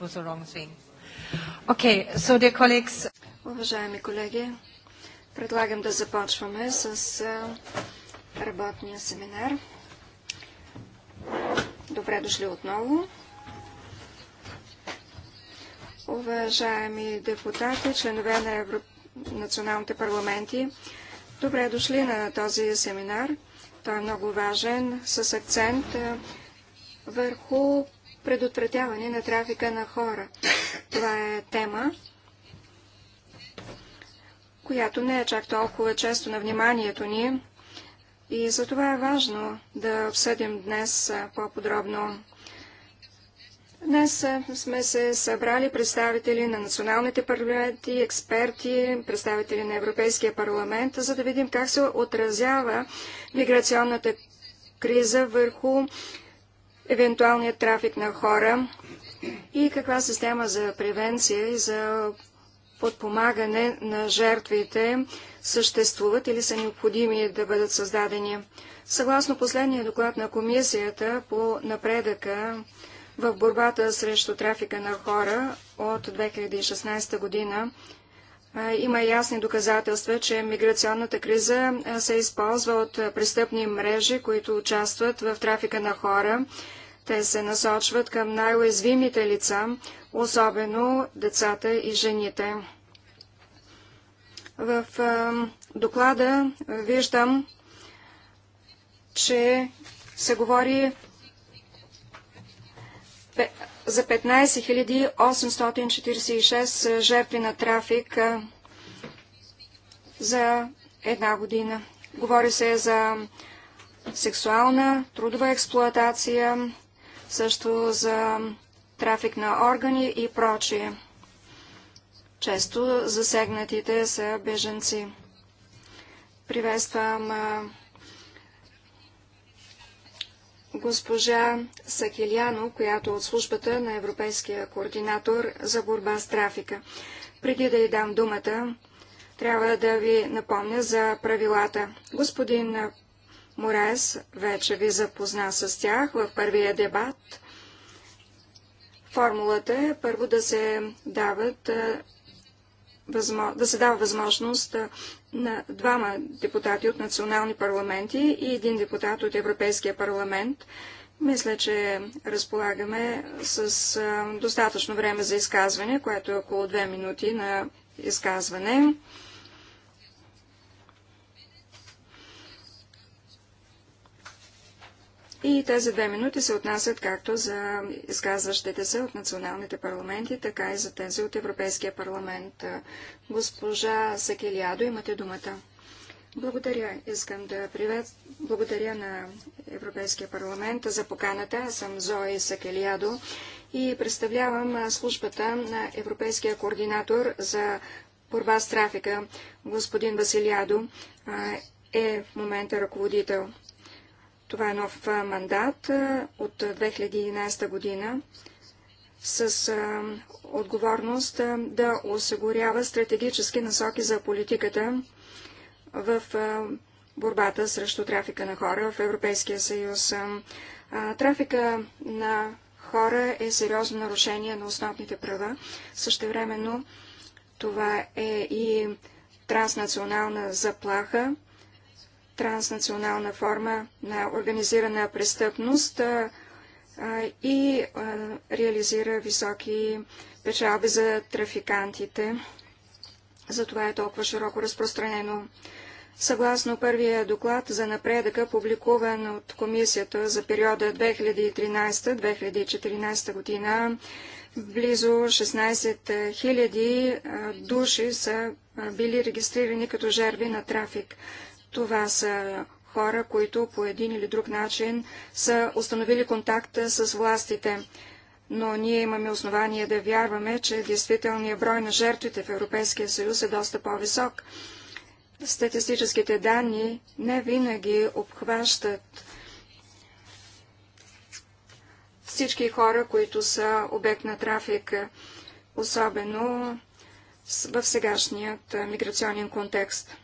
was the wrong thing. Okay, so dear colleagues... Уважаеми колеги, предлагам да започваме с работния семинар. Добре дошли отново. Уважаеми депутати, членове на националните парламенти, добре дошли на този семинар. Той е много важен, с акцент върху предотвратяване на трафика на хора. Това е тема, която не е чак толкова често на вниманието ни. И за това е важно да обсъдим днес по-подробно. Днес сме се събрали представители на националните парламенти, експерти, представители на Европейския парламент, за да видим как се отразява миграционната криза върху евентуалният трафик на хора и каква система за превенция и за подпомагане на жертвите съществуват или са необходими да бъдат създадени. Съгласно последния доклад на Комисията по напредъка в борбата срещу трафика на хора от 2016 година, има ясни доказателства, че миграционната криза се използва от престъпни мрежи, които участват в трафика на хора те се насочват към най-уязвимите лица, особено децата и жените. В доклада виждам, че се говори за 15 846 жертви на трафик за една година. Говори се за сексуална, трудова експлоатация, също за трафик на органи и прочие. Често засегнатите са беженци. Приветствам госпожа Сакеляно, която е от службата на Европейския координатор за борба с трафика. Преди да й дам думата, трябва да ви напомня за правилата. Господин Морес вече ви запозна с тях в първия дебат. Формулата е първо да се, дават, да се дава възможност на двама депутати от национални парламенти и един депутат от Европейския парламент. Мисля, че разполагаме с достатъчно време за изказване, което е около две минути на изказване. И тези две минути се отнасят както за изказващите се от националните парламенти, така и за тези от Европейския парламент. Госпожа Сакелиадо, имате думата. Благодаря. Искам да привет... благодаря на Европейския парламент за поканата. Аз съм Зои Сакелиадо и представлявам службата на Европейския координатор за борба с трафика. Господин Василиадо е в момента ръководител това е нов мандат от 2011 година с отговорност да осигурява стратегически насоки за политиката в борбата срещу трафика на хора в Европейския съюз. Трафика на хора е сериозно нарушение на основните права. Същевременно това е и транснационална заплаха транснационална форма на организирана престъпност и реализира високи печалби за трафикантите. Затова е толкова широко разпространено. Съгласно първия доклад за напредъка, публикуван от комисията за периода 2013-2014 година, близо 16 000 души са били регистрирани като жертви на трафик. Това са хора, които по един или друг начин са установили контакта с властите. Но ние имаме основание да вярваме, че действителният брой на жертвите в Европейския съюз е доста по-висок. Статистическите данни не винаги обхващат всички хора, които са обект на трафик, особено в сегашният миграционен контекст.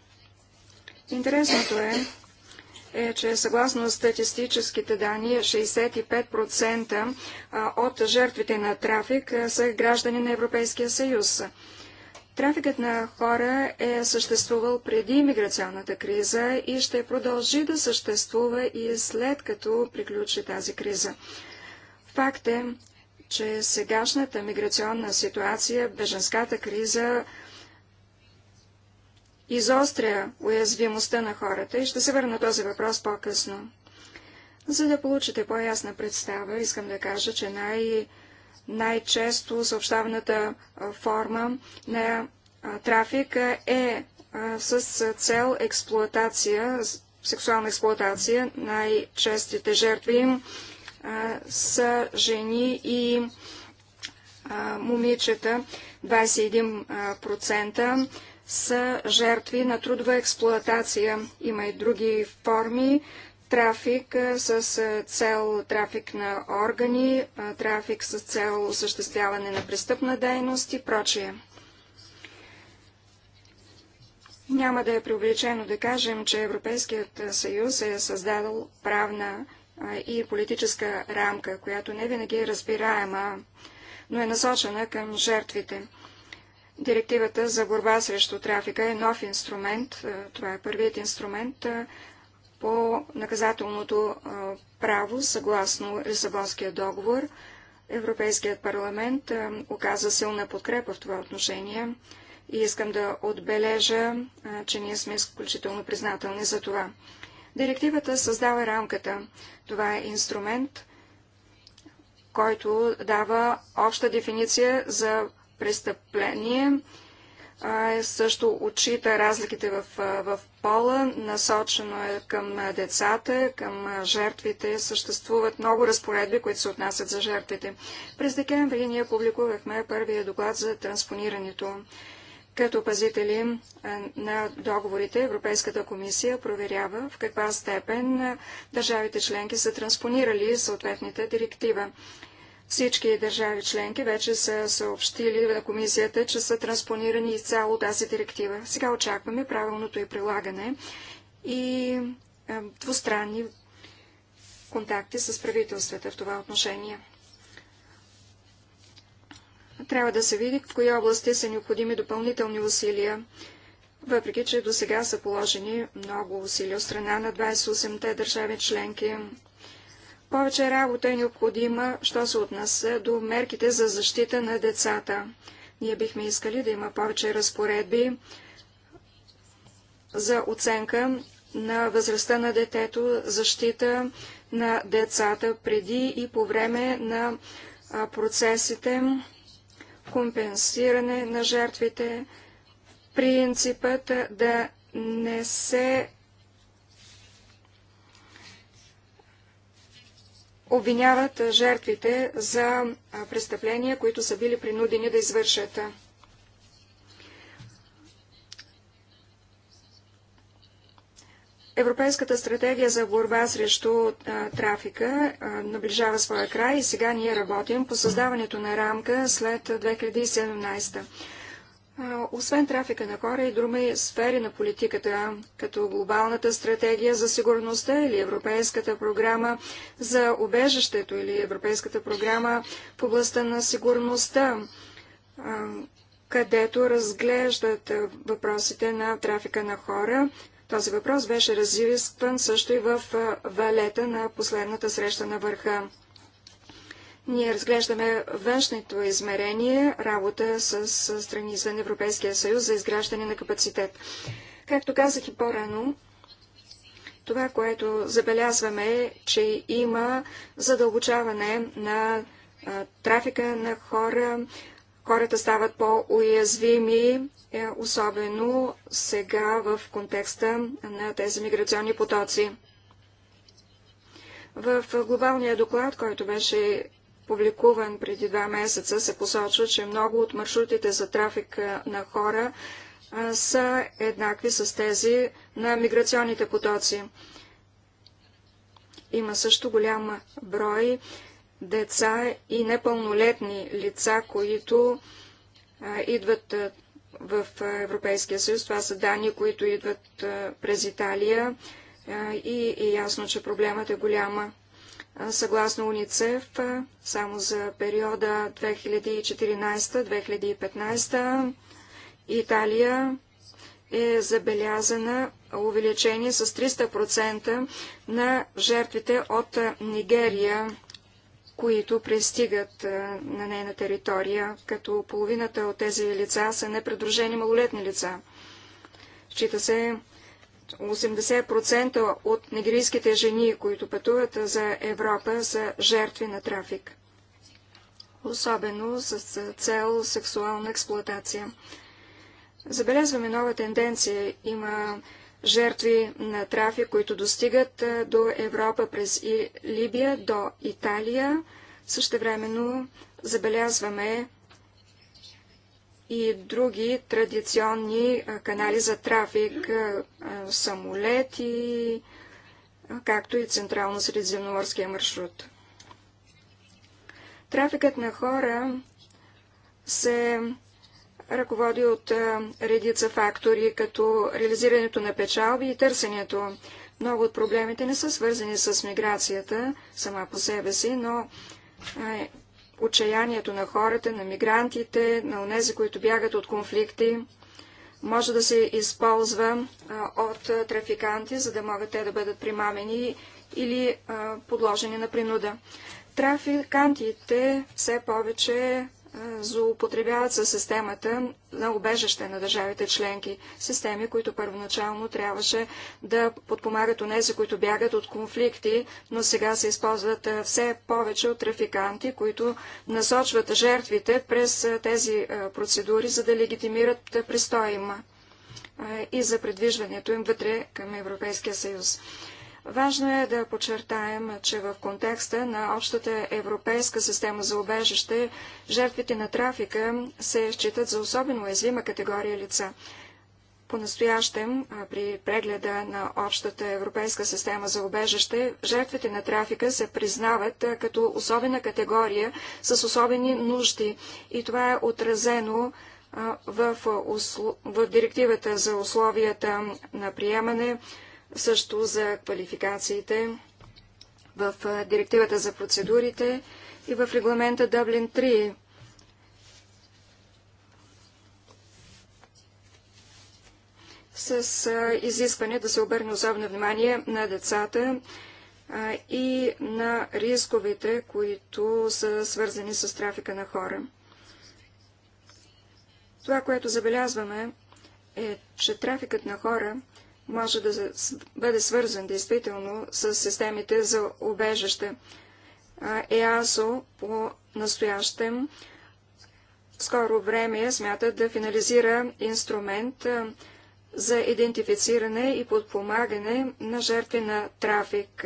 Интересното е, е, че съгласно статистическите данни 65% от жертвите на трафик са граждани на Европейския съюз. Трафикът на хора е съществувал преди миграционната криза и ще продължи да съществува и след като приключи тази криза. Факт е, че сегашната миграционна ситуация, беженската криза, изостря уязвимостта на хората и ще се върна този въпрос по-късно. За да получите по-ясна представа, искам да кажа, че най- най-често съобщаваната форма на трафик е с цел експлуатация, сексуална експлуатация. Най-честите жертви им са жени и момичета, 21%, са жертви на трудова експлоатация. Има и други форми. Трафик с цел трафик на органи, трафик с цел осъществяване на престъпна дейност и прочие. Няма да е преувеличено да кажем, че Европейският съюз е създадал правна и политическа рамка, която не винаги е разбираема, но е насочена към жертвите. Директивата за борба срещу трафика е нов инструмент. Е, това е първият инструмент е, по наказателното е, право, съгласно Лисабонския договор. Европейският парламент оказа силна подкрепа в това отношение и искам да отбележа, че ние сме изключително признателни за това. Директивата създава рамката. Това е инструмент, който дава обща дефиниция за престъпление. също отчита разликите в, в пола, насочено е към децата, към жертвите. Съществуват много разпоредби, които се отнасят за жертвите. През декември ние публикувахме първия доклад за транспонирането. Като пазители на договорите, Европейската комисия проверява в каква степен държавите членки са транспонирали съответната директива. Всички държави членки вече са съобщили на комисията, че са транспонирани изцяло тази директива. Сега очакваме правилното и прилагане и двустранни контакти с правителствата в това отношение. Трябва да се види в кои области са необходими допълнителни усилия, въпреки че до сега са положени много усилия от страна на 28-те държави членки. Повече работа е необходима, що се отнася до мерките за защита на децата. Ние бихме искали да има повече разпоредби за оценка на възрастта на детето, защита на децата преди и по време на процесите, компенсиране на жертвите, принципът да не се обвиняват жертвите за престъпления, които са били принудени да извършат. Европейската стратегия за борба срещу трафика наближава своя край и сега ние работим по създаването на рамка след 2017. Освен трафика на хора и други сфери на политиката, като глобалната стратегия за сигурността или Европейската програма за обежището или Европейската програма в областта на сигурността, където разглеждат въпросите на трафика на хора. Този въпрос беше разискван също и в валета на последната среща на върха. Ние разглеждаме външното измерение, работа с страни извън Европейския съюз за изграждане на капацитет. Както казах и по-рано, това, което забелязваме е, че има задълбочаване на а, трафика на хора, хората стават по-уязвими, е, особено сега в контекста на тези миграционни потоци. В глобалния доклад, който беше публикуван преди два месеца, се посочва, че много от маршрутите за трафик на хора са еднакви с тези на миграционните потоци. Има също голям брой деца и непълнолетни лица, които идват в Европейския съюз. Това са данни, които идват през Италия и е ясно, че проблемът е голяма съгласно УНИЦЕФ, само за периода 2014-2015 Италия е забелязана увеличение с 300% на жертвите от Нигерия, които пристигат на нейна територия, като половината от тези лица са непредружени малолетни лица. Счита се, 80% от нигерийските жени, които пътуват за Европа, са жертви на трафик. Особено с цел сексуална експлоатация. Забелязваме нова тенденция. Има жертви на трафик, които достигат до Европа през Либия, до Италия. Същевременно забелязваме и други традиционни канали за трафик, самолети, както и Централно-Средиземноморския маршрут. Трафикът на хора се ръководи от редица фактори, като реализирането на печалби и търсенето. Много от проблемите не са свързани с миграцията сама по себе си, но отчаянието на хората, на мигрантите, на онези, които бягат от конфликти, може да се използва а, от трафиканти, за да могат те да бъдат примамени или а, подложени на принуда. Трафикантите все повече злоупотребяват със системата на обежаще на държавите членки. Системи, които първоначално трябваше да подпомагат онези, които бягат от конфликти, но сега се използват все повече от трафиканти, които насочват жертвите през тези процедури, за да легитимират престоя им и за предвижването им вътре към Европейския съюз. Важно е да подчертаем, че в контекста на общата европейска система за убежище, жертвите на трафика се считат за особено уязвима категория лица. По-настоящем, при прегледа на общата европейска система за убежище, жертвите на трафика се признават като особена категория с особени нужди и това е отразено в, в директивата за условията на приемане, също за квалификациите в директивата за процедурите и в регламента Дъблин 3. с изискване да се обърне особено внимание на децата и на рисковете, които са свързани с трафика на хора. Това, което забелязваме, е, че трафикът на хора – може да бъде свързан действително с системите за обежаще. ЕАСО по настоящем скоро време смята да финализира инструмент за идентифициране и подпомагане на жертви на трафик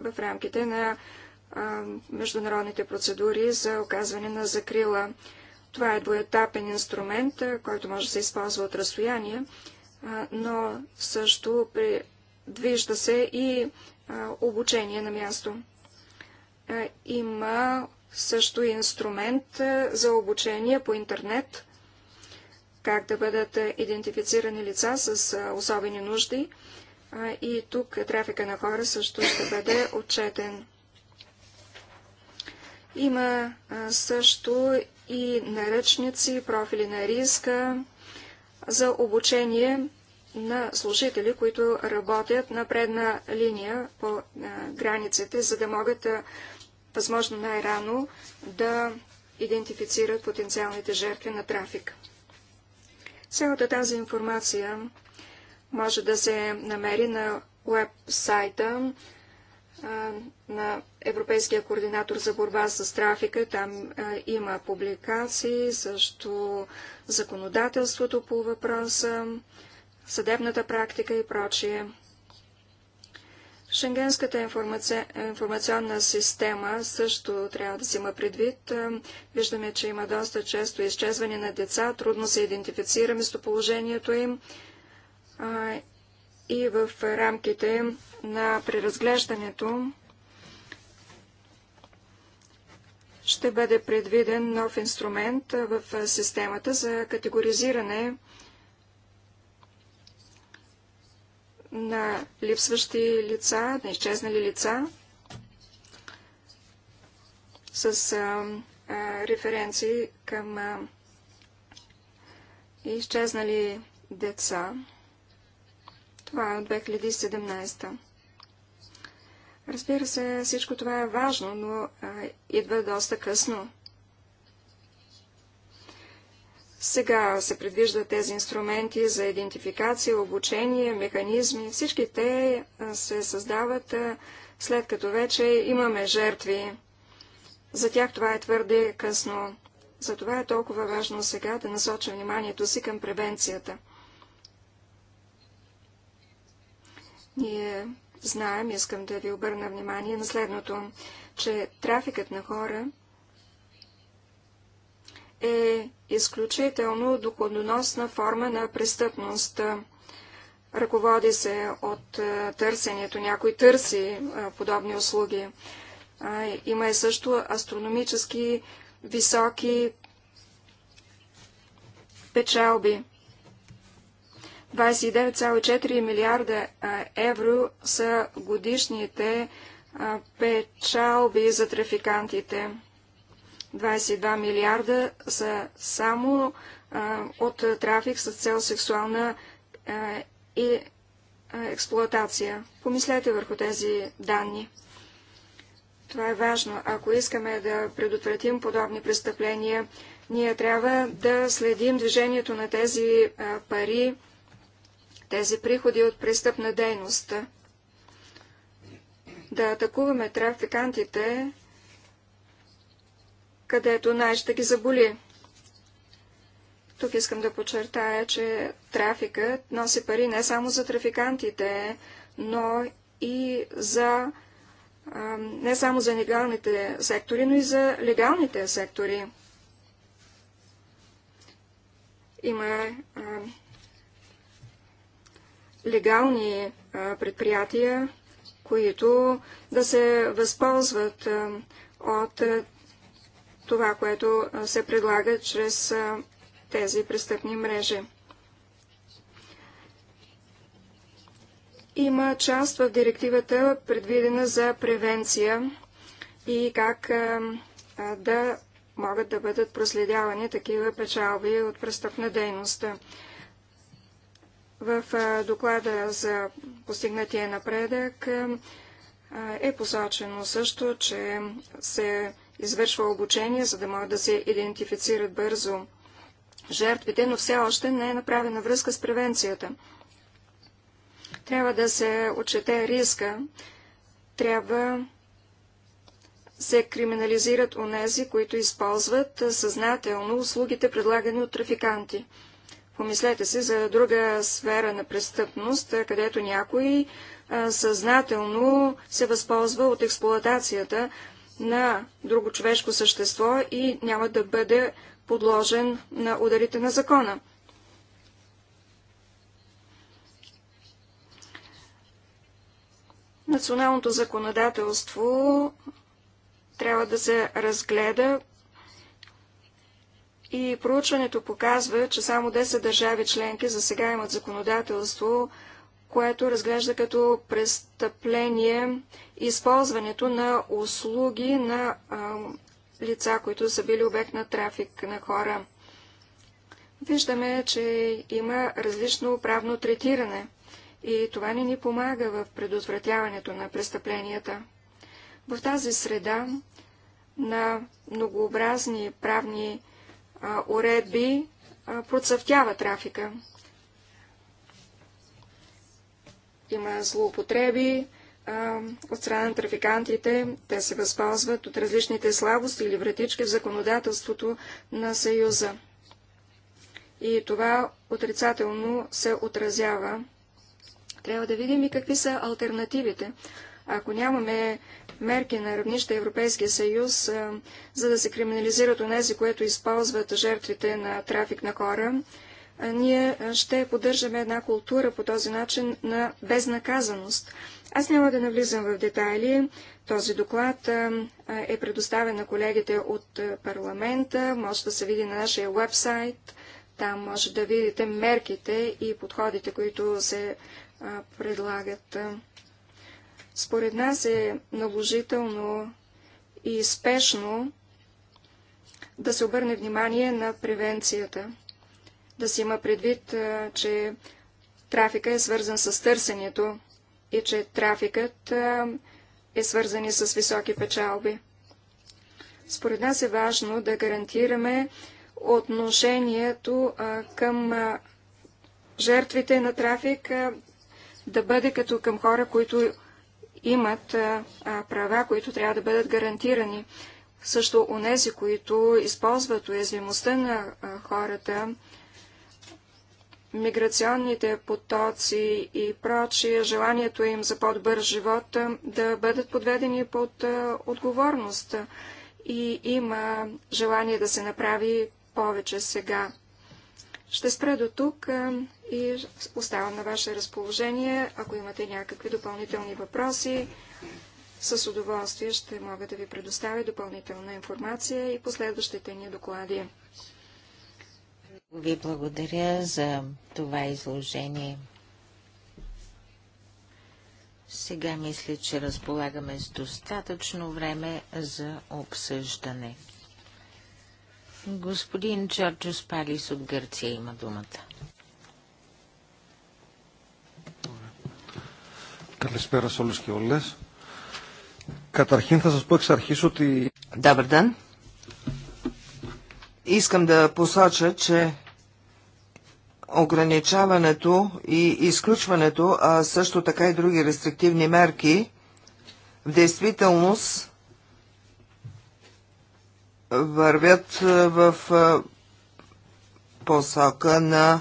в рамките на международните процедури за оказване на закрила. Това е двоетапен инструмент, който може да се използва от разстояние но също предвижда се и обучение на място. Има също инструмент за обучение по интернет, как да бъдат идентифицирани лица с особени нужди. И тук трафика на хора също ще бъде отчетен. Има също и наръчници, профили на риска, за обучение на служители, които работят на предна линия по границите, за да могат възможно най-рано да идентифицират потенциалните жертви на трафик. Цялата тази информация може да се намери на веб-сайта на Европейския координатор за борба с трафика. Там а, има публикации, също законодателството по въпроса, съдебната практика и прочие. Шенгенската информаци... информационна система също трябва да се има предвид. Виждаме, че има доста често изчезване на деца, трудно се идентифицира местоположението им и в рамките на преразглеждането ще бъде предвиден нов инструмент в системата за категоризиране на липсващи лица, на изчезнали лица с а, а, референции към а, изчезнали деца. Това е от 2017. Разбира се, всичко това е важно, но а, идва доста късно. Сега се предвиждат тези инструменти за идентификация, обучение, механизми. Всички те се създават след като вече имаме жертви. За тях това е твърде късно. Затова е толкова важно сега да насоча вниманието си към превенцията. Ние знаем, искам да ви обърна внимание на следното, че трафикът на хора е изключително доходоносна форма на престъпност. Ръководи се от е, търсенето. Някой търси е, подобни услуги. Има и също астрономически високи печалби. 29,4 милиарда евро са годишните печалби за трафикантите. 22 милиарда са само от трафик с цел сексуална и експлуатация. Помислете върху тези данни. Това е важно. Ако искаме да предотвратим подобни престъпления, ние трябва да следим движението на тези пари тези приходи от престъпна дейност. Да атакуваме трафикантите, където най ще ги заболи. Тук искам да подчертая, че трафикът носи пари не само за трафикантите, но и за не само за легалните сектори, но и за легалните сектори. Има легални предприятия, които да се възползват от това, което се предлага чрез тези престъпни мрежи. Има част в директивата предвидена за превенция и как да могат да бъдат проследявани такива печалби от престъпна дейност. В доклада за постигнатия напредък е посочено също, че се извършва обучение, за да могат да се идентифицират бързо жертвите, но все още не е направена връзка с превенцията. Трябва да се отчете риска, трябва се криминализират онези, които използват съзнателно услугите, предлагани от трафиканти. Помислете си за друга сфера на престъпност, където някой съзнателно се възползва от експлоатацията на друго човешко същество и няма да бъде подложен на ударите на закона. Националното законодателство трябва да се разгледа и проучването показва, че само 10 държави членки за сега имат законодателство, което разглежда като престъпление използването на услуги на а, лица, които са били обект на трафик на хора. Виждаме, че има различно правно третиране и това не ни помага в предотвратяването на престъпленията. В тази среда на многообразни правни уредби процъфтява трафика. Има злоупотреби от страна на трафикантите. Те се възползват от различните слабости или вратички в законодателството на Съюза. И това отрицателно се отразява. Трябва да видим и какви са альтернативите. Ако нямаме мерки на равнище Европейския съюз, за да се криминализират онези, които използват жертвите на трафик на хора, ние ще поддържаме една култура по този начин на безнаказаност. Аз няма да навлизам в детайли. Този доклад е предоставен на колегите от парламента. Може да се види на нашия вебсайт. Там може да видите мерките и подходите, които се предлагат. Според нас е наложително и спешно да се обърне внимание на превенцията. Да се има предвид, че трафика е свързан с търсенето и че трафикът е свързан и с високи печалби. Според нас е важно да гарантираме отношението към жертвите на трафик да бъде като към хора, които имат права, които трябва да бъдат гарантирани. Също онези, които използват уязвимостта на хората, миграционните потоци и прочие, желанието им за по-добър живот да бъдат подведени под отговорност. И има желание да се направи повече сега. Ще спра до тук и оставам на ваше разположение. Ако имате някакви допълнителни въпроси, с удоволствие ще мога да ви предоставя допълнителна информация и последващите ни доклади. Ви благодаря за това изложение. Сега мисля, че разполагаме с достатъчно време за обсъждане. Господин Джорджос Палис от Гърция има думата. Καλησπέρα σε όλους και όλες. Καταρχήν θα σας πω εξ αρχής ότι... Добър ден. Искам да посоча, че ограничаването и изключването, а също така и други рестриктивни мерки, в действителност вървят в посока на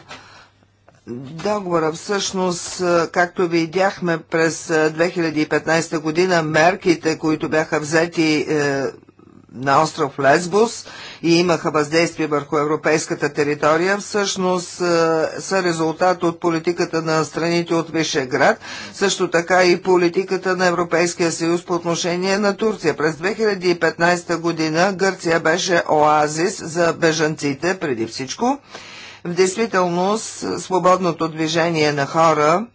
договора. Всъщност, както видяхме през 2015 година, мерките, които бяха взети е, на остров Лесбус, и имаха въздействие върху европейската територия, всъщност е, са резултат от политиката на страните от Вишеград, също така и политиката на Европейския съюз по отношение на Турция. През 2015 година Гърция беше оазис за бежанците преди всичко. В действителност свободното движение на хора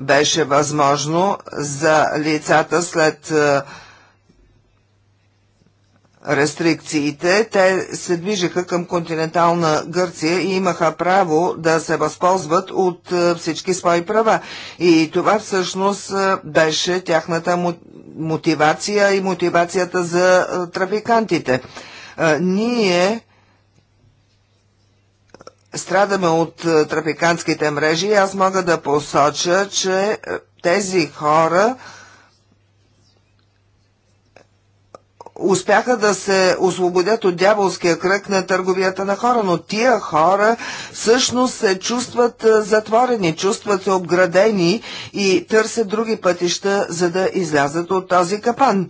беше възможно за лицата след е, рестрикциите. Те се движеха към континентална Гърция и имаха право да се възползват от е, всички свои права. И това всъщност е, беше тяхната мотивация и мотивацията за е, трафикантите. Ние страдаме от трафикантските мрежи и аз мога да посоча, че тези хора успяха да се освободят от дяволския кръг на търговията на хора, но тия хора всъщност се чувстват затворени, чувстват се обградени и търсят други пътища, за да излязат от този капан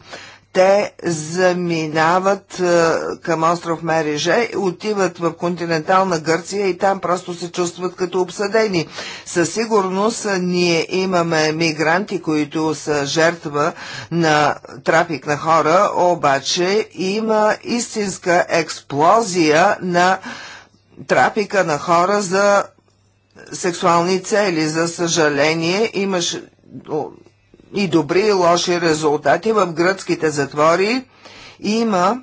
те заминават е, към остров Мереже, отиват в континентална Гърция и там просто се чувстват като обсъдени. Със сигурност е, ние имаме мигранти, които са жертва на трафик на хора, обаче има истинска експлозия на трафика на хора за сексуални цели. За съжаление, имаш и добри и лоши резултати в гръцките затвори има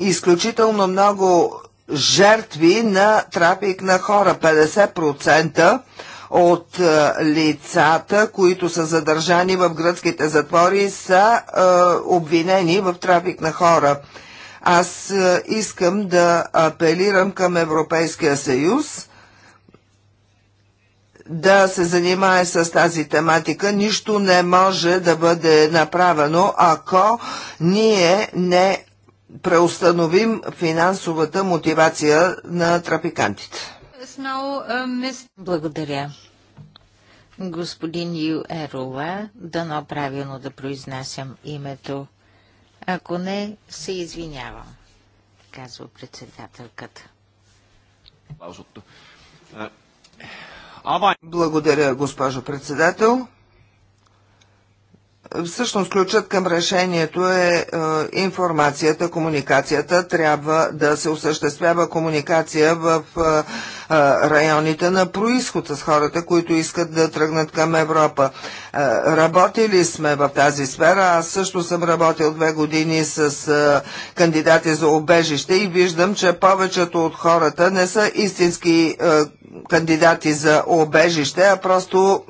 изключително много жертви на трафик на хора. 50% от е, лицата, които са задържани в гръцките затвори, са е, обвинени в трафик на хора. Аз е, искам да апелирам към Европейския съюз да се занимае с тази тематика. Нищо не може да бъде направено, ако ние не преустановим финансовата мотивация на трафикантите. Благодаря. Господин Ю Ерова, дано правилно да произнасям името. Ако не, се извинявам, казва председателката. Благодаря, госпожо председател. Всъщност ключът към решението е, е информацията, комуникацията. Трябва да се осъществява комуникация в е, е, районите на происход с хората, които искат да тръгнат към Европа. Е, работили сме в тази сфера. Аз също съм работил две години с е, кандидати за обежище и виждам, че повечето от хората не са истински е, кандидати за обежище, а просто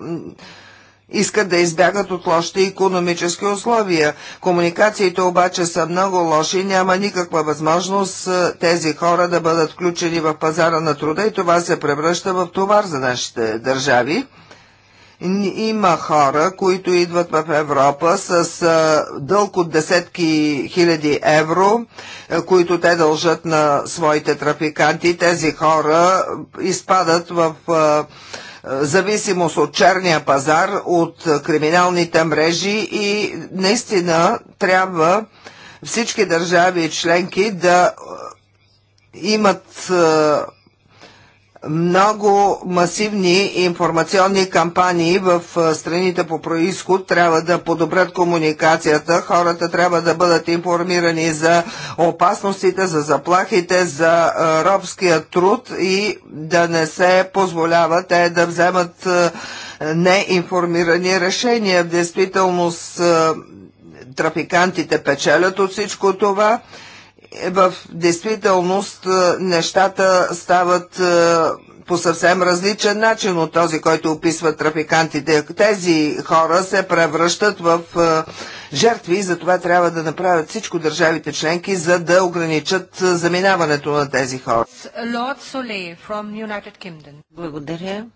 искат да избягат от лошите економически условия. Комуникациите обаче са много лоши, няма никаква възможност тези хора да бъдат включени в пазара на труда и това се превръща в товар за нашите държави. Има хора, които идват в Европа с дълг от десетки хиляди евро, които те дължат на своите трафиканти. Тези хора изпадат в зависимост от черния пазар, от криминалните мрежи и наистина трябва всички държави и членки да имат много масивни информационни кампании в страните по происход трябва да подобрят комуникацията. Хората трябва да бъдат информирани за опасностите, за заплахите, за робския труд и да не се позволява те да вземат неинформирани решения. В действителност трафикантите печелят от всичко това в действителност е, нещата стават е, по съвсем различен начин от този, който описват трафикантите. Тези хора се превръщат в е, жертви и затова трябва да направят всичко държавите членки, за да ограничат заминаването на тези хора. Благодаря.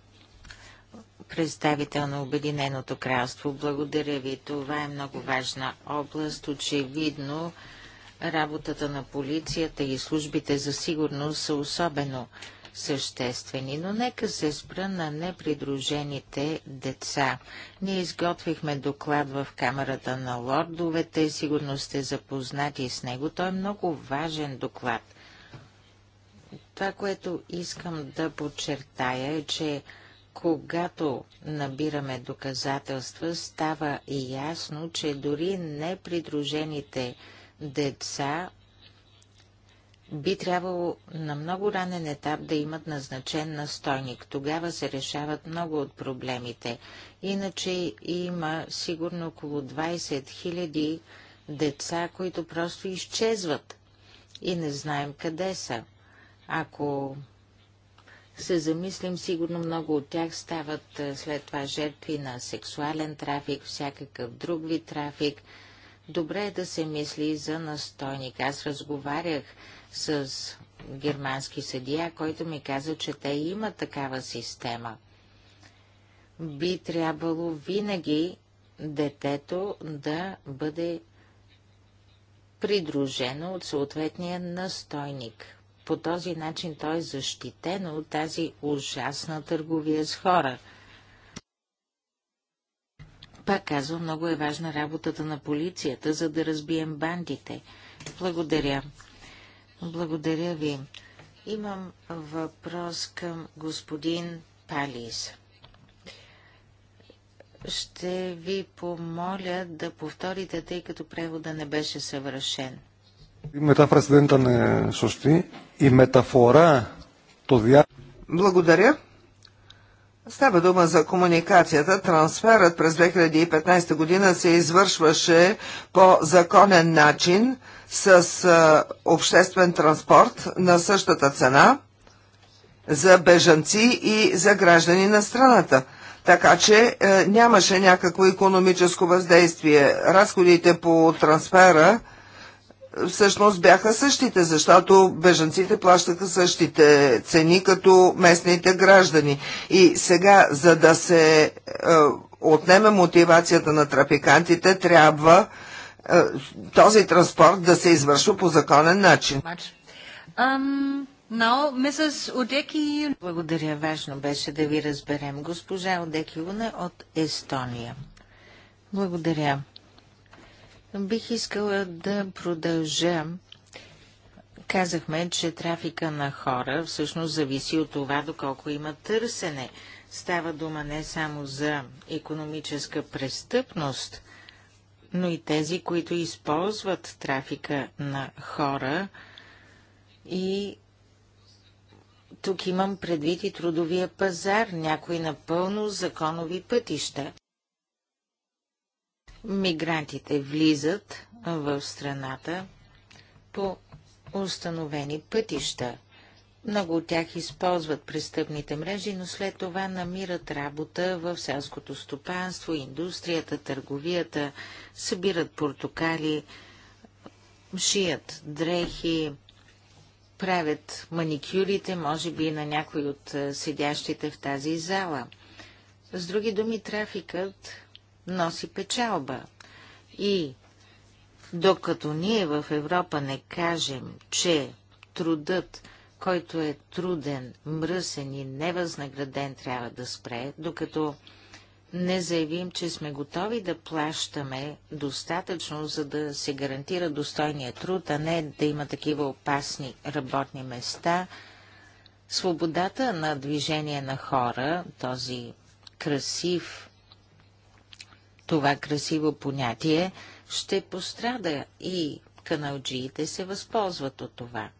Представител на Обединеното кралство, благодаря ви. Това е много важна област. Очевидно, Работата на полицията и службите за сигурност са особено съществени, но нека се спра на непридружените деца. Ние изготвихме доклад в Камерата на лордовете, сигурно сте запознати с него. Той е много важен доклад. Това, което искам да подчертая е, че когато набираме доказателства, става ясно, че дори непридружените деца деца би трябвало на много ранен етап да имат назначен настойник. Тогава се решават много от проблемите. Иначе има сигурно около 20 000 деца, които просто изчезват и не знаем къде са. Ако се замислим, сигурно много от тях стават след това жертви на сексуален трафик, всякакъв друг вид трафик – Добре е да се мисли за настойник. Аз разговарях с германски съдия, който ми каза, че те има такава система. Би трябвало винаги детето да бъде придружено от съответния настойник. По този начин той е защитен от тази ужасна търговия с хора – пак казвам, много е важна работата на полицията, за да разбием бандите. Благодаря. Благодаря ви. Имам въпрос към господин Палис. Ще ви помоля да повторите, тъй като превода не беше съвършен. Метафора μετάφραση Благодаря. Става дума за комуникацията. Трансферът през 2015 година се извършваше по законен начин с обществен транспорт на същата цена за бежанци и за граждани на страната. Така че е, нямаше някакво економическо въздействие. Разходите по трансфера всъщност бяха същите, защото бежанците плащаха същите цени като местните граждани. И сега, за да се е, отнеме мотивацията на трафикантите, трябва е, този транспорт да се извършва по законен начин. Благодаря, важно беше да ви разберем. Госпожа Одеки Луна от Естония. Благодаря. Бих искала да продължа. Казахме, че трафика на хора всъщност зависи от това, доколко има търсене. Става дума не само за економическа престъпност, но и тези, които използват трафика на хора. И тук имам предвид и трудовия пазар, някои напълно законови пътища. Мигрантите влизат в страната по установени пътища. Много от тях използват престъпните мрежи, но след това намират работа в селското стопанство, индустрията, търговията, събират портокали, шият дрехи, правят маникюрите, може би на някой от седящите в тази зала. С други думи, трафикът носи печалба. И докато ние в Европа не кажем, че трудът, който е труден, мръсен и невъзнаграден, трябва да спре, докато не заявим, че сме готови да плащаме достатъчно, за да се гарантира достойния труд, а не да има такива опасни работни места. Свободата на движение на хора, този красив това красиво понятие, ще пострада и каналджиите се възползват от това.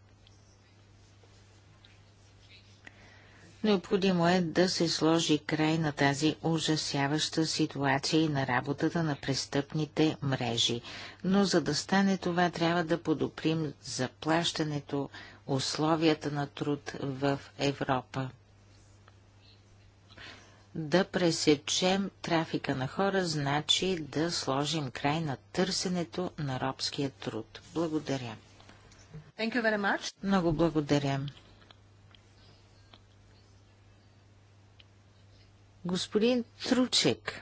Необходимо е да се сложи край на тази ужасяваща ситуация и на работата на престъпните мрежи. Но за да стане това, трябва да подобрим заплащането, условията на труд в Европа да пресечем трафика на хора, значи да сложим край на търсенето на робския труд. Благодаря. Thank you very much. Много благодаря. Господин Тручек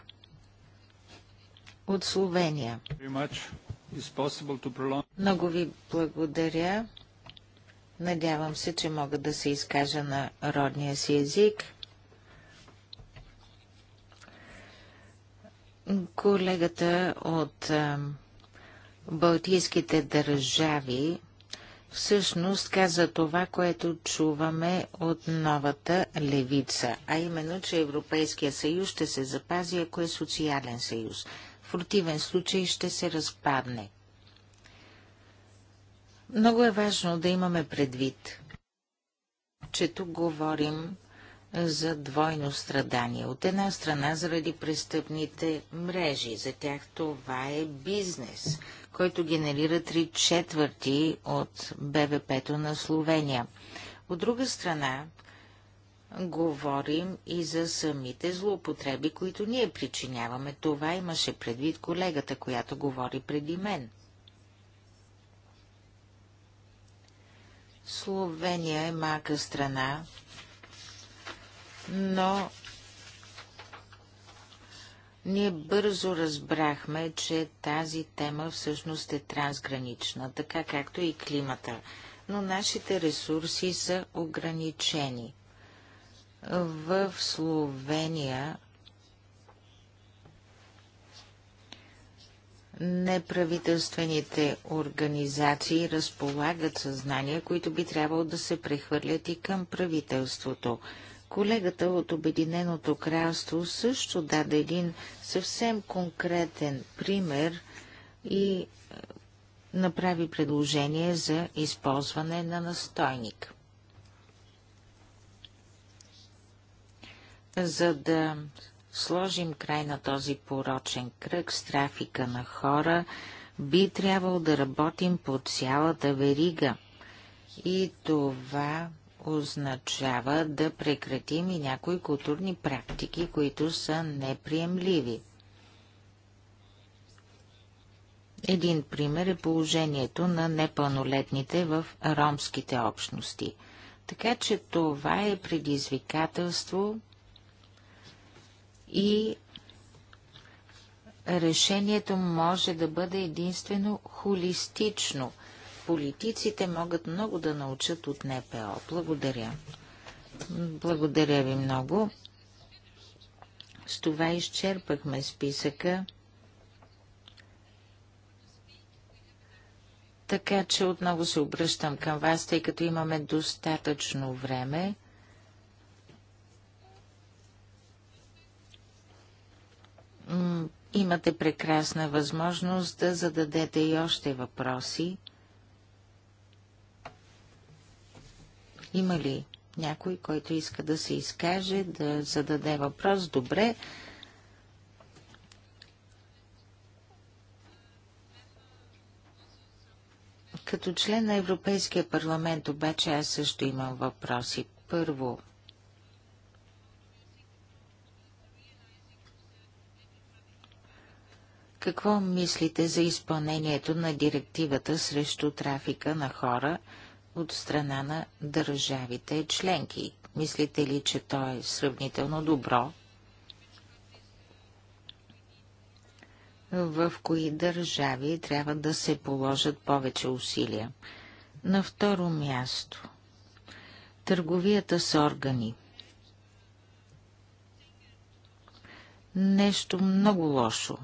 от Словения. Prolong... Много ви благодаря. Надявам се, че мога да се изкажа на родния си език. Колегата от Балтийските държави всъщност каза това, което чуваме от новата левица, а именно, че Европейския съюз ще се запази, ако е социален съюз. В противен случай ще се разпадне. Много е важно да имаме предвид, че тук говорим за двойно страдание. От една страна заради престъпните мрежи. За тях това е бизнес, който генерира три четвърти от БВП-то на Словения. От друга страна, говорим и за самите злоупотреби, които ние причиняваме. Това имаше предвид колегата, която говори преди мен. Словения е малка страна, но ние бързо разбрахме, че тази тема всъщност е трансгранична, така както и климата, но нашите ресурси са ограничени. В Словения неправителствените организации разполагат съзнания, които би трябвало да се прехвърлят и към правителството. Колегата от Обединеното кралство също даде един съвсем конкретен пример и е, направи предложение за използване на настойник. За да сложим край на този порочен кръг с трафика на хора, би трябвало да работим по цялата верига. И това означава да прекратим и някои културни практики, които са неприемливи. Един пример е положението на непълнолетните в ромските общности. Така че това е предизвикателство и решението може да бъде единствено холистично – политиците могат много да научат от НПО. Благодаря. Благодаря ви много. С това изчерпахме списъка. Така че отново се обръщам към вас, тъй като имаме достатъчно време. Имате прекрасна възможност да зададете и още въпроси. Има ли някой, който иска да се изкаже, да зададе въпрос? Добре. Като член на Европейския парламент обаче аз също имам въпроси. Първо, какво мислите за изпълнението на директивата срещу трафика на хора – от страна на държавите членки. Мислите ли, че то е сравнително добро? В кои държави трябва да се положат повече усилия? На второ място търговията с органи. Нещо много лошо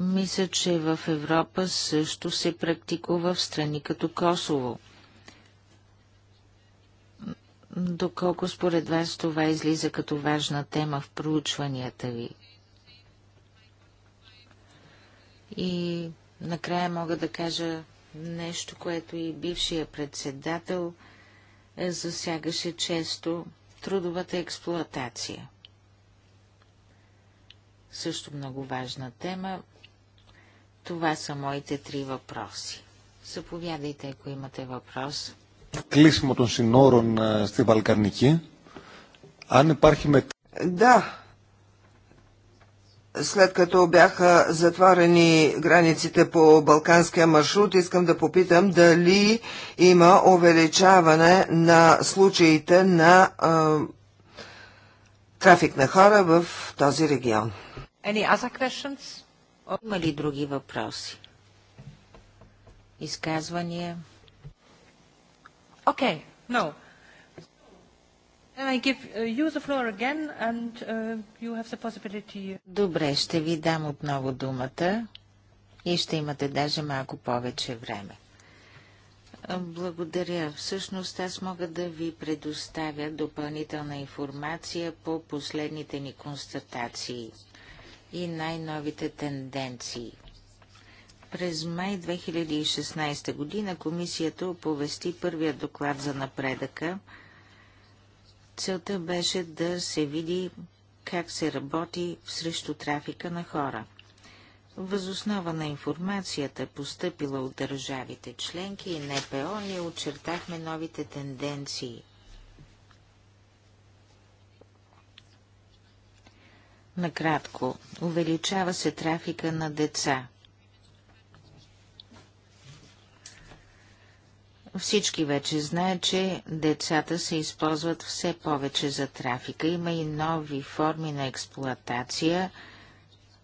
Мисля, че в Европа също се практикува в страни като Косово. Доколко според вас това излиза като важна тема в проучванията ви? И накрая мога да кажа нещо, което и бившия председател засягаше често трудовата експлоатация. Също много важна тема. Това са моите три въпроси. Заповядайте, ако имате въпрос. Клисмо των συνόρων στη Βαλκανική. Αν υπάρχει μετά... Да, след като бяха затворени границите по Балканския маршрут, искам да попитам дали има увеличаване на случаите на а, трафик на хора в този регион. Any other questions? Има ли други въпроси? Изказвания? Окей, okay, no. Uh, uh, uh, Добре, ще ви дам отново думата и ще имате даже малко повече време. Благодаря. Всъщност аз мога да ви предоставя допълнителна информация по последните ни констатации и най-новите тенденции. През май 2016 година комисията оповести първия доклад за напредъка. Целта беше да се види как се работи срещу трафика на хора. Възоснова на информацията, постъпила от държавите членки и НПО, ние очертахме новите тенденции. Накратко, увеличава се трафика на деца. Всички вече знаят, че децата се използват все повече за трафика. Има и нови форми на експлоатация,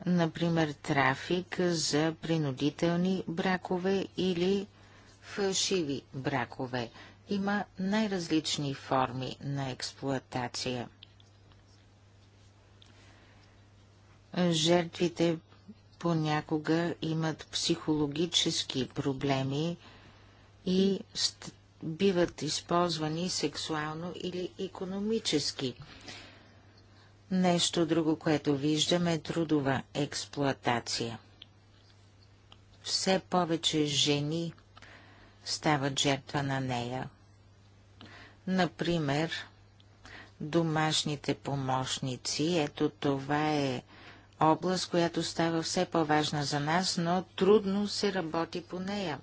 например трафик за принудителни бракове или фалшиви бракове. Има най-различни форми на експлоатация – Жертвите понякога имат психологически проблеми и биват използвани сексуално или економически. Нещо друго, което виждаме е трудова експлоатация. Все повече жени стават жертва на нея. Например, домашните помощници, ето това е област, която става все по-важна за нас, но трудно се работи по нея.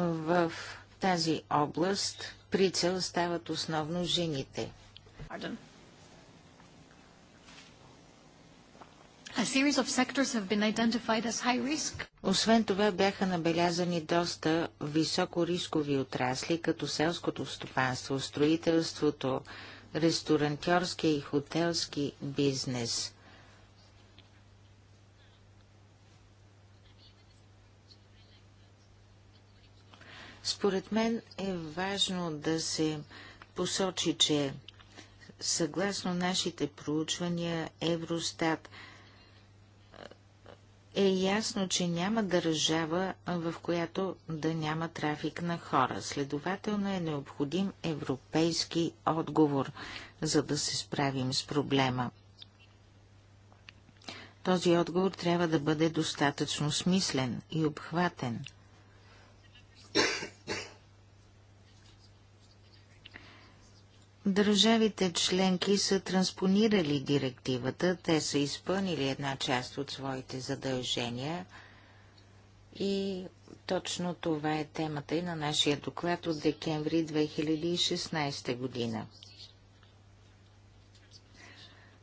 В тази област прицел стават основно жените. Освен това бяха набелязани доста високо рискови отрасли, като селското стопанство, строителството, ресторантьорския и хотелски бизнес. Според мен е важно да се посочи, че съгласно нашите проучвания Евростат – е ясно, че няма държава, в която да няма трафик на хора. Следователно е необходим европейски отговор, за да се справим с проблема. Този отговор трябва да бъде достатъчно смислен и обхватен – Държавите членки са транспонирали директивата, те са изпълнили една част от своите задължения и точно това е темата и на нашия доклад от декември 2016 година.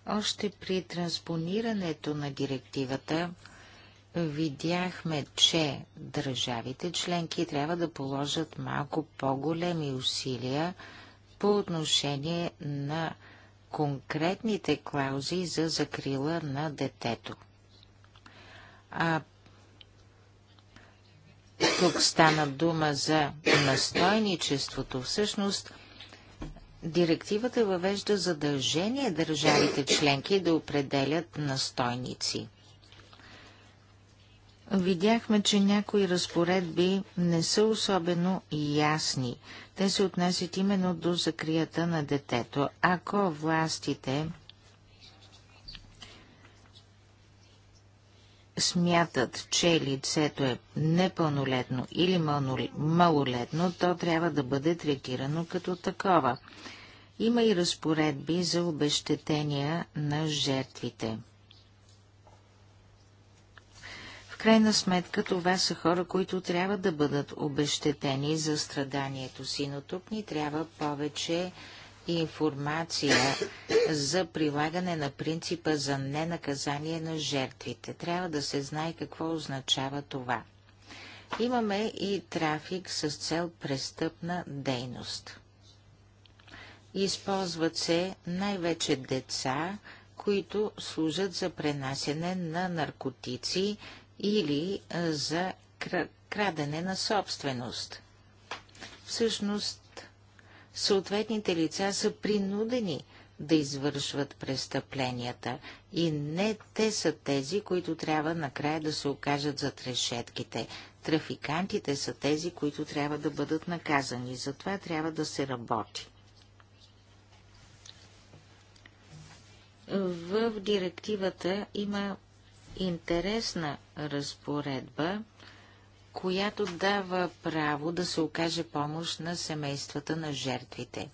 Още при транспонирането на директивата видяхме, че държавите членки трябва да положат малко по-големи усилия, по отношение на конкретните клаузи за закрила на детето. А тук стана дума за настойничеството. Всъщност, директивата въвежда задължение държавите членки да определят настойници – Видяхме, че някои разпоредби не са особено ясни. Те се отнасят именно до закрията на детето. Ако властите смятат, че лицето е непълнолетно или малолетно, то трябва да бъде третирано като такова. Има и разпоредби за обещетения на жертвите. крайна сметка това са хора, които трябва да бъдат обещетени за страданието си, но тук ни трябва повече информация за прилагане на принципа за ненаказание на жертвите. Трябва да се знае какво означава това. Имаме и трафик с цел престъпна дейност. Използват се най-вече деца, които служат за пренасене на наркотици или за крадене на собственост. Всъщност, съответните лица са принудени да извършват престъпленията и не те са тези, които трябва накрая да се окажат за трешетките. Трафикантите са тези, които трябва да бъдат наказани. Затова трябва да се работи. В директивата има интересна разпоредба, която дава право да се окаже помощ на семействата на жертвите.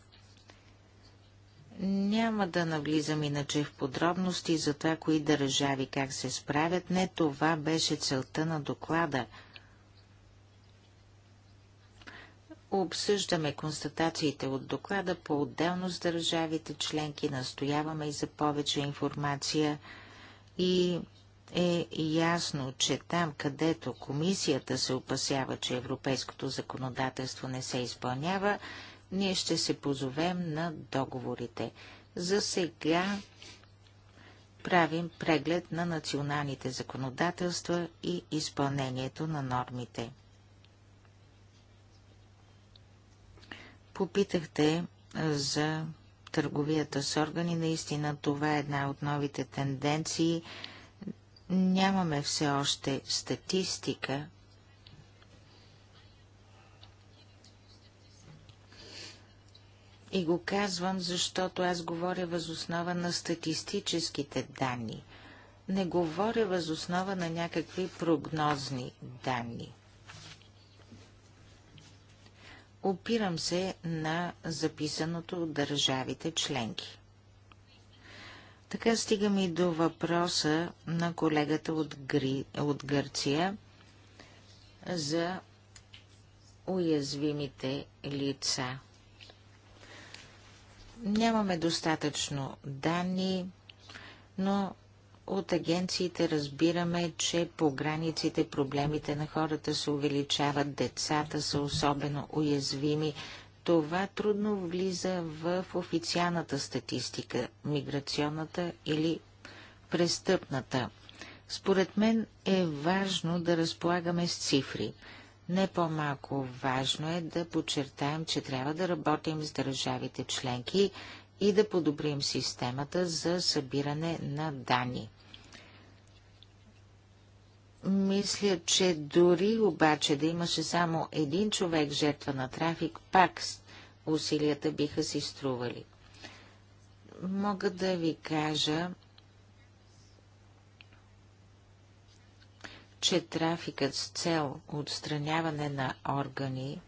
Няма да навлизам иначе в подробности за това, кои държави как се справят. Не това беше целта на доклада. Обсъждаме констатациите от доклада по-отделно с държавите членки, настояваме и за повече информация и е ясно, че там, където комисията се опасява, че европейското законодателство не се изпълнява, ние ще се позовем на договорите. За сега правим преглед на националните законодателства и изпълнението на нормите. Попитахте за търговията с органи. Наистина това е една от новите тенденции – Нямаме все още статистика. И го казвам, защото аз говоря възоснова на статистическите данни. Не говоря възоснова на някакви прогнозни данни. Опирам се на записаното от държавите членки. Така стигаме и до въпроса на колегата от, Гри... от Гърция за уязвимите лица. Нямаме достатъчно данни, но от агенциите разбираме, че по границите проблемите на хората се увеличават, децата са особено уязвими, това трудно влиза в официалната статистика, миграционната или престъпната. Според мен е важно да разполагаме с цифри. Не по-малко важно е да подчертаем, че трябва да работим с държавите членки и да подобрим системата за събиране на данни. Мисля, че дори обаче да имаше само един човек жертва на трафик, пак усилията биха си стрували. Мога да ви кажа, че трафикът с цел отстраняване на органи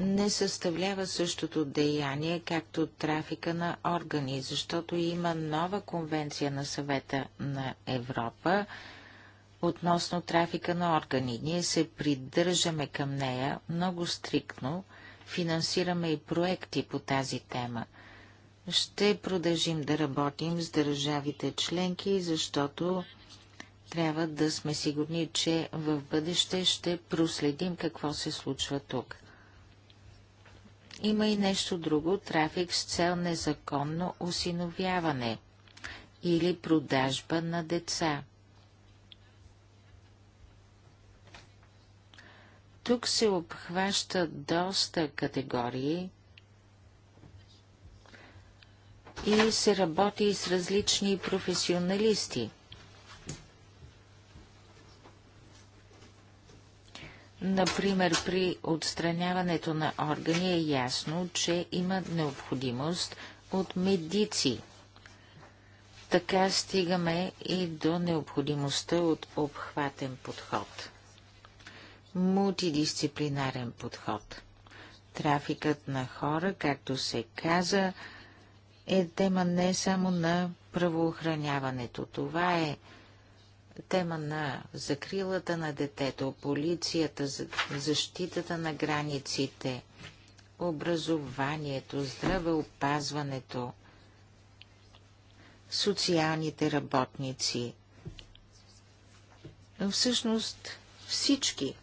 не съставлява същото деяние, както трафика на органи, защото има нова конвенция на съвета на Европа относно трафика на органи. Ние се придържаме към нея много стриктно, финансираме и проекти по тази тема. Ще продължим да работим с държавите членки, защото трябва да сме сигурни, че в бъдеще ще проследим какво се случва тук. Има и нещо друго – трафик с цел незаконно осиновяване или продажба на деца. Тук се обхваща доста категории и се работи с различни професионалисти. Например, при отстраняването на органи е ясно, че има необходимост от медици. Така стигаме и до необходимостта от обхватен подход. Мултидисциплинарен подход. Трафикът на хора, както се каза, е тема не само на правоохраняването. Това е тема на закрилата на детето, полицията, защитата на границите, образованието, здравеопазването, социалните работници. Всъщност всички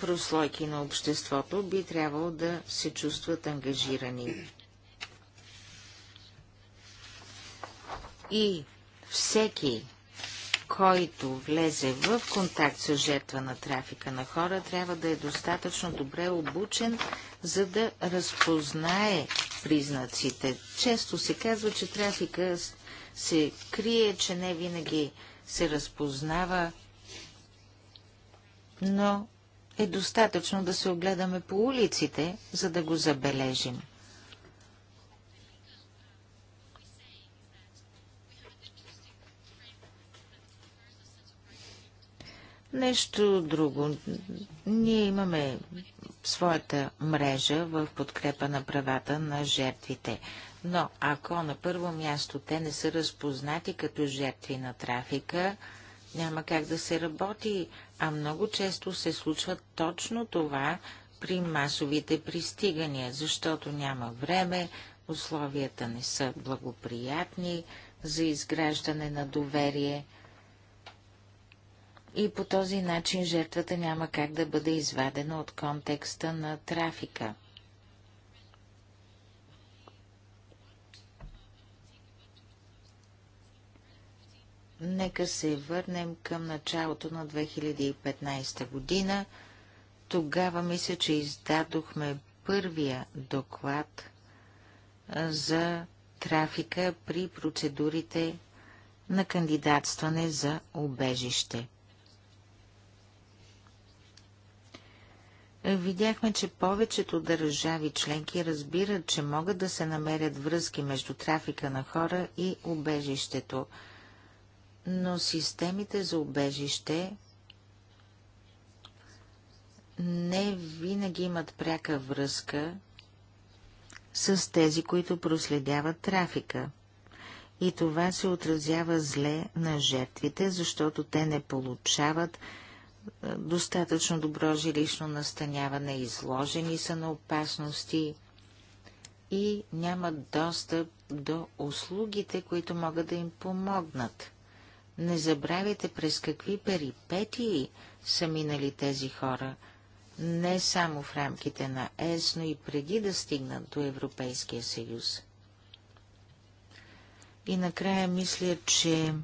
прослойки на обществото би трябвало да се чувстват ангажирани. И всеки който влезе в контакт с жертва на трафика на хора, трябва да е достатъчно добре обучен, за да разпознае признаците. Често се казва, че трафика се крие, че не винаги се разпознава, но е достатъчно да се огледаме по улиците, за да го забележим. Нещо друго. Ние имаме своята мрежа в подкрепа на правата на жертвите. Но ако на първо място те не са разпознати като жертви на трафика, няма как да се работи, а много често се случва точно това при масовите пристигания, защото няма време, условията не са благоприятни за изграждане на доверие – и по този начин жертвата няма как да бъде извадена от контекста на трафика. Нека се върнем към началото на 2015 година. Тогава мисля, че издадохме първия доклад за трафика при процедурите на кандидатстване за убежище. видяхме, че повечето държави членки разбират, че могат да се намерят връзки между трафика на хора и убежището. Но системите за убежище не винаги имат пряка връзка с тези, които проследяват трафика. И това се отразява зле на жертвите, защото те не получават достатъчно добро жилищно настаняване, изложени са на опасности и нямат достъп до услугите, които могат да им помогнат. Не забравяйте през какви перипетии са минали тези хора, не само в рамките на ЕС, но и преди да стигнат до Европейския съюз. И накрая мисля, че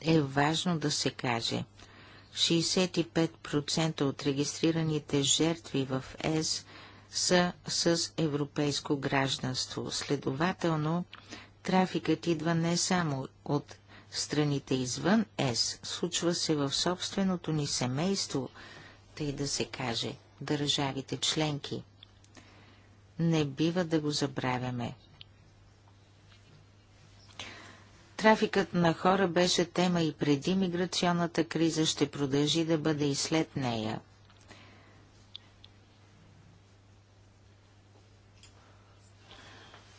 е важно да се каже – 65% от регистрираните жертви в ЕС са с европейско гражданство. Следователно, трафикът идва не само от страните извън ЕС, случва се в собственото ни семейство, тъй да се каже, държавите членки. Не бива да го забравяме. Трафикът на хора беше тема и преди миграционната криза, ще продължи да бъде и след нея.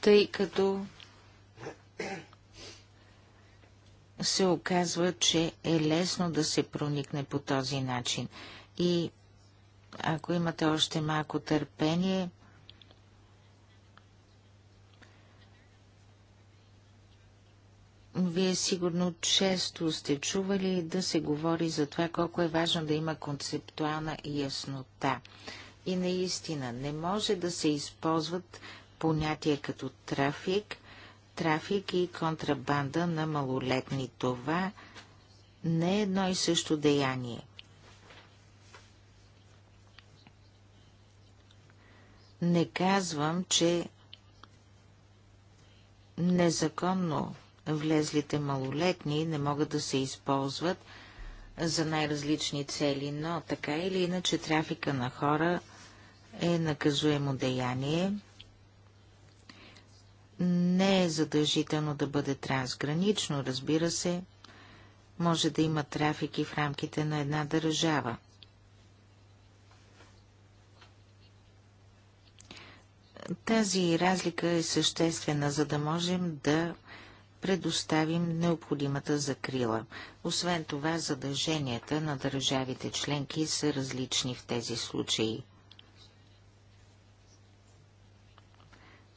Тъй като се оказва, че е лесно да се проникне по този начин. И ако имате още малко търпение, Вие сигурно често сте чували да се говори за това колко е важно да има концептуална яснота. И наистина не може да се използват понятия като трафик, трафик и контрабанда на малолетни. Това не е едно и също деяние. Не казвам, че незаконно влезлите малолетни не могат да се използват за най-различни цели, но така или иначе трафика на хора е наказуемо деяние. Не е задължително да бъде трансгранично, разбира се. Може да има трафики в рамките на една държава. Тази разлика е съществена, за да можем да предоставим необходимата закрила. Освен това, задълженията на държавите членки са различни в тези случаи.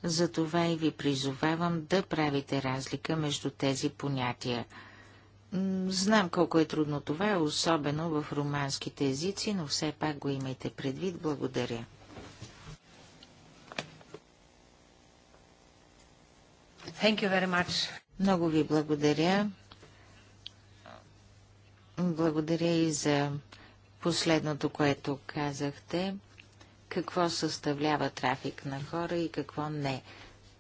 Затова и ви призовавам да правите разлика между тези понятия. Знам колко е трудно това, особено в романските езици, но все пак го имайте предвид. Благодаря. Thank you very much. Много ви благодаря. Благодаря и за последното, което казахте. Какво съставлява трафик на хора и какво не.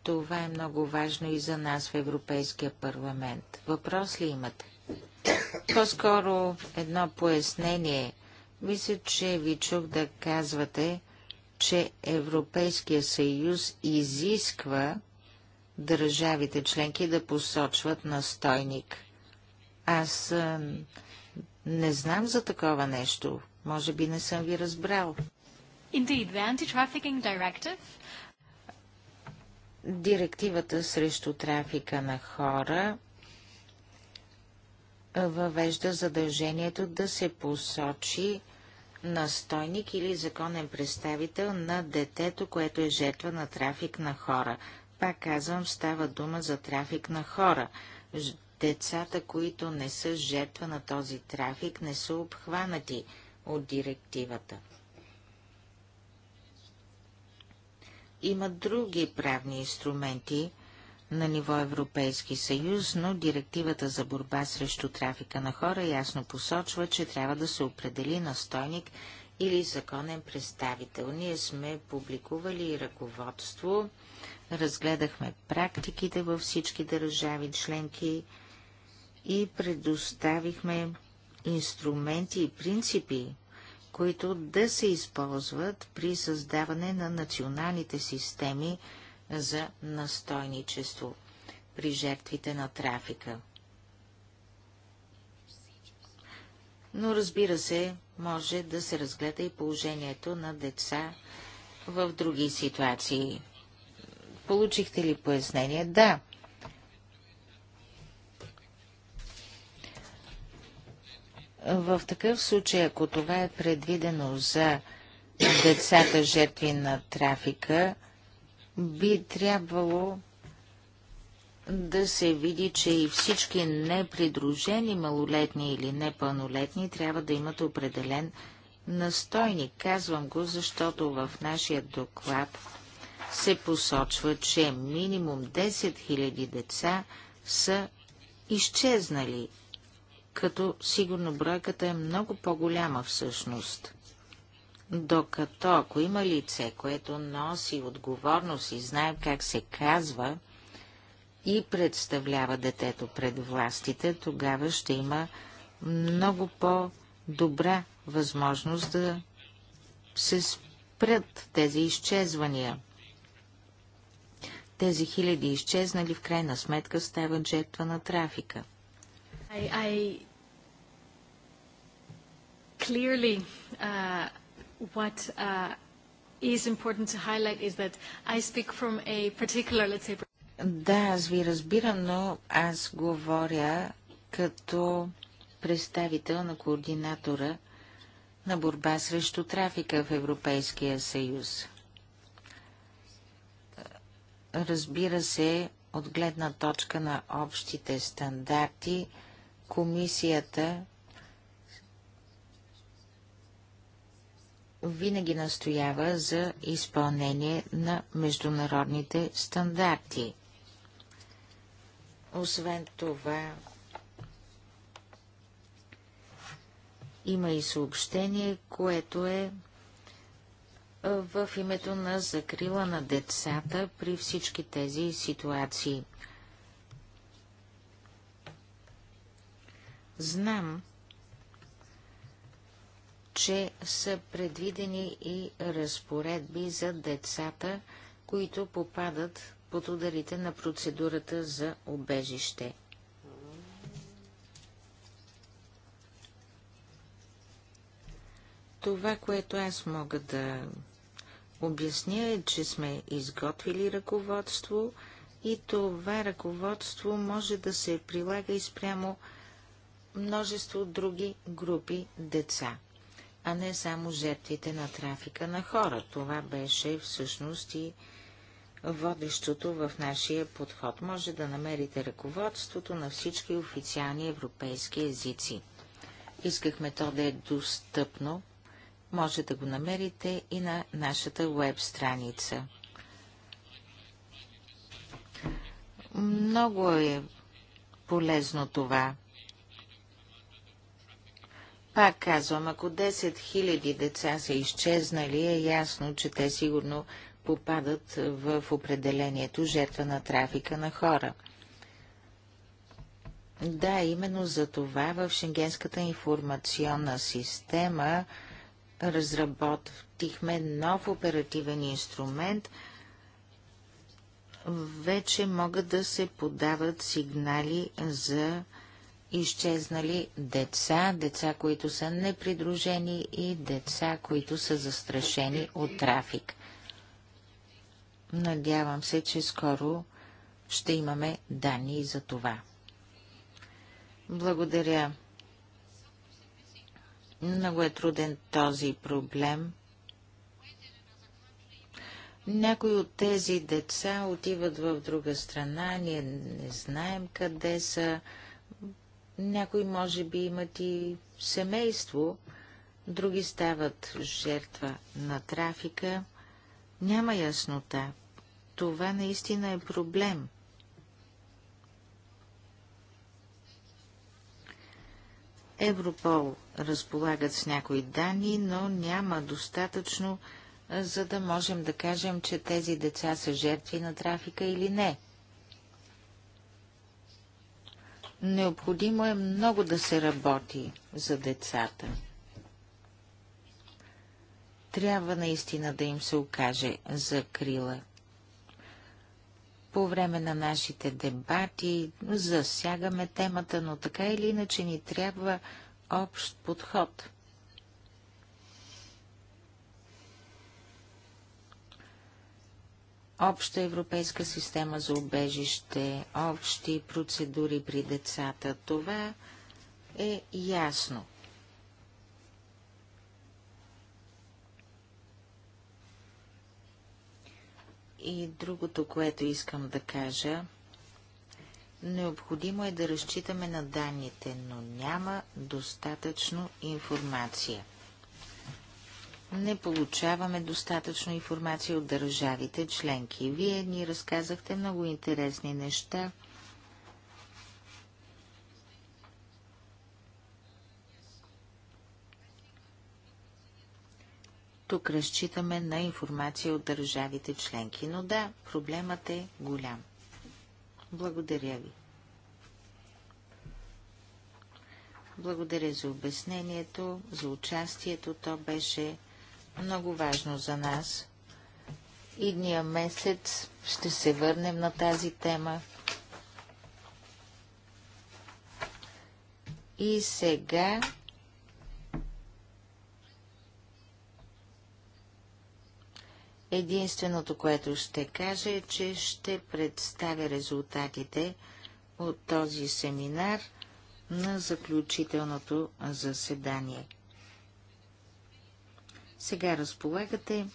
Това е много важно и за нас в Европейския парламент. Въпрос ли имате? По-скоро едно пояснение. Мисля, че ви чух да казвате, че Европейския съюз изисква държавите членки да посочват настойник. Аз а, не знам за такова нещо. Може би не съм ви разбрал. Indeed, the Anti-Trafficking Directive Директивата срещу трафика на хора въвежда задължението да се посочи настойник или законен представител на детето, което е жертва на трафик на хора. Пак казвам, става дума за трафик на хора. Децата, които не са жертва на този трафик, не са обхванати от директивата. Има други правни инструменти на ниво Европейски съюз, но директивата за борба срещу трафика на хора ясно посочва, че трябва да се определи настойник или законен представител. Ние сме публикували ръководство разгледахме практиките във всички държави членки и предоставихме инструменти и принципи, които да се използват при създаване на националните системи за настойничество при жертвите на трафика. Но разбира се, може да се разгледа и положението на деца в други ситуации. Получихте ли пояснение? Да. В такъв случай, ако това е предвидено за децата жертви на трафика, би трябвало да се види, че и всички непридружени малолетни или непълнолетни трябва да имат определен настойник. Казвам го, защото в нашия доклад се посочва, че минимум 10 000 деца са изчезнали, като сигурно бройката е много по-голяма всъщност. Докато ако има лице, което носи отговорност и знае как се казва и представлява детето пред властите, тогава ще има много по-добра възможност да се спрят тези изчезвания. Тези хиляди изчезнали в крайна сметка стават жертва на трафика. I, I... Clearly, uh, what uh, is important to highlight is that I speak from a particular, let's say... Да, аз ви разбирам, но аз говоря като представител на координатора на борба срещу трафика в Европейския съюз. Разбира се, от гледна точка на общите стандарти, комисията винаги настоява за изпълнение на международните стандарти. Освен това, има и съобщение, което е в името на закрила на децата при всички тези ситуации. Знам, че са предвидени и разпоредби за децата, които попадат под ударите на процедурата за обежище. Това, което аз мога да обясня е, че сме изготвили ръководство и това ръководство може да се прилага и спрямо множество други групи деца, а не само жертвите на трафика на хора. Това беше всъщност и водещото в нашия подход. Може да намерите ръководството на всички официални европейски езици. Искахме то да е достъпно може да го намерите и на нашата веб страница. Много е полезно това. Пак казвам, ако 10 000 деца са изчезнали, е ясно, че те сигурно попадат в определението жертва на трафика на хора. Да, именно за това в Шенгенската информационна система разработихме нов оперативен инструмент. Вече могат да се подават сигнали за изчезнали деца, деца, които са непридружени и деца, които са застрашени от трафик. Надявам се, че скоро ще имаме данни за това. Благодаря много е труден този проблем. Някои от тези деца отиват в друга страна, ние не знаем къде са. Някои може би имат и семейство, други стават жертва на трафика. Няма яснота. Това наистина е проблем. Европол разполагат с някои данни, но няма достатъчно, за да можем да кажем, че тези деца са жертви на трафика или не. Необходимо е много да се работи за децата. Трябва наистина да им се окаже за крила. По време на нашите дебати засягаме темата, но така или иначе ни трябва общ подход. Обща европейска система за убежище, общи процедури при децата, това е ясно. И другото, което искам да кажа, необходимо е да разчитаме на данните, но няма достатъчно информация. Не получаваме достатъчно информация от държавите членки. Вие ни разказахте много интересни неща. Тук разчитаме на информация от държавите членки, но да, проблемът е голям. Благодаря ви. Благодаря за обяснението, за участието. То беше много важно за нас. Идния месец ще се върнем на тази тема. И сега Единственото, което ще кажа е, че ще представя резултатите от този семинар на заключителното заседание. Сега разполагате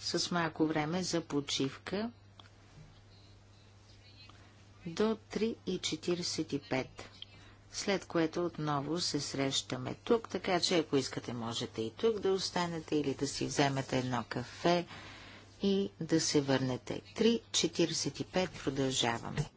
с малко време за почивка до 3.45, след което отново се срещаме тук, така че ако искате можете и тук да останете или да си вземете едно кафе, и да се върнете. 3.45 продължаваме.